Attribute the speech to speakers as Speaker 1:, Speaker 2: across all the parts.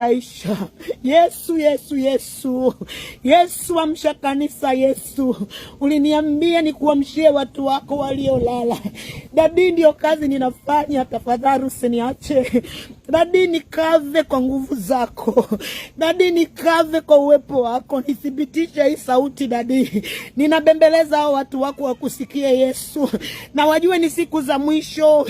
Speaker 1: Aisha. Yesu, Yesu, Yesu, Yesu, amsha kanisa. Yesu, uliniambia nikuamshie watu wako waliolala. Dadi, ndio kazi ninafanya, tafadhali usiniache Dadi, nikave kwa nguvu zako Dadi, nikave kwa uwepo wako, nithibitishe hii sauti Dadi. Ninabembeleza hao watu wako wakusikie Yesu, na wajue ni siku za mwisho,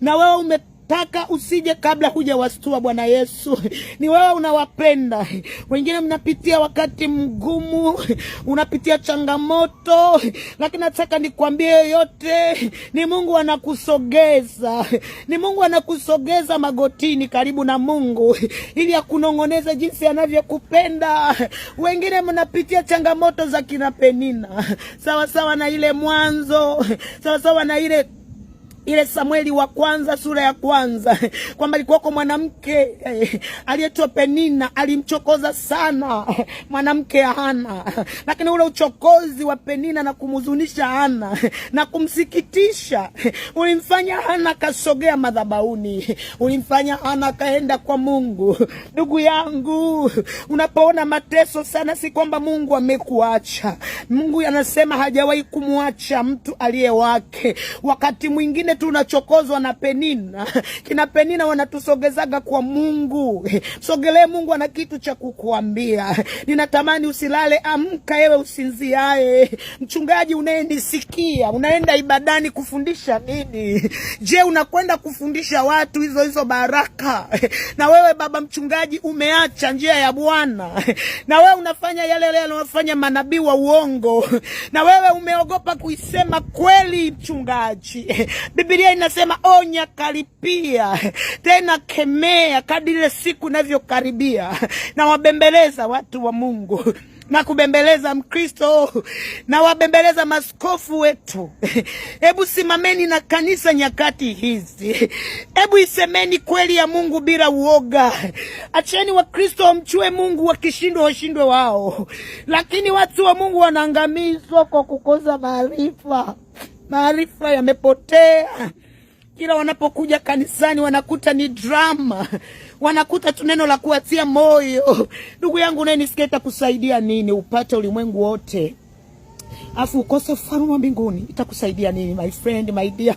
Speaker 1: na wewe ume Nataka usije kabla hujawastua Bwana Yesu. Ni wewe unawapenda. Wengine mnapitia wakati mgumu, unapitia changamoto, lakini nataka nikwambie yote, ni Mungu anakusogeza. Ni Mungu anakusogeza magotini karibu na Mungu ili akunong'oneze jinsi anavyokupenda. Wengine mnapitia changamoto za kina Penina. Sawa sawa na ile mwanzo. Sawa sawa na ile ile Samueli wa kwanza sura ya kwanza kwamba alikuwako mwanamke eh, aliyetwa Penina alimchokoza sana mwanamke Hana, lakini ule uchokozi wa Penina na kumhuzunisha Hana na kumsikitisha ulimfanya Hana akasogea madhabahuni, ulimfanya Hana akaenda kwa Mungu. Ndugu yangu, unapoona mateso sana, si kwamba Mungu amekuacha. Mungu anasema hajawahi kumwacha mtu aliye wake. Wakati mwingine kile tunachokozwa na Penina kina Penina wanatusogezaga kwa Mungu. Sogelee Mungu, ana kitu cha kukuambia. Ninatamani usilale, amka ewe usinziae. Mchungaji unayenisikia, unaenda ibadani kufundisha nini? Je, unakwenda kufundisha watu hizo hizo baraka? Na wewe baba mchungaji umeacha njia ya Bwana, na wewe unafanya yale yale anayofanya manabii wa uongo, na wewe umeogopa kuisema kweli, mchungaji Biblia inasema onya, karipia tena kemea, ile siku inavyokaribia. Na wabembeleza watu wa Mungu na kubembeleza Mkristo na wabembeleza maskofu wetu. Hebu simameni na kanisa nyakati hizi, hebu isemeni kweli ya Mungu bila uoga. Acheni Wakristo wamchue Mungu, wakishindwa washindwe wao, lakini watu wa Mungu wanaangamizwa kwa kukosa maarifa maarifa yamepotea. Kila wanapokuja kanisani wanakuta ni drama, wanakuta tu neno la kuwatia moyo. Ndugu yangu, unayenisikia itakusaidia nini? Upate ulimwengu wote afu ukose ufalme wa mbinguni, itakusaidia nini my friend, my dear?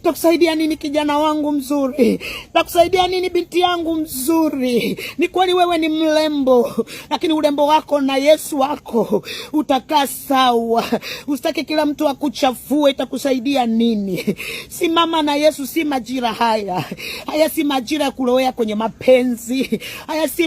Speaker 1: Itakusaidia nini kijana wangu mzuri? Itakusaidia nini binti yangu mzuri? Ni kweli wewe ni mlembo, lakini urembo wako na Yesu wako utakaa sawa. Usitaki kila mtu akuchafue, itakusaidia nini? Simama na Yesu. Si majira haya haya, si majira ya kulowea kwenye mapenzi haya, si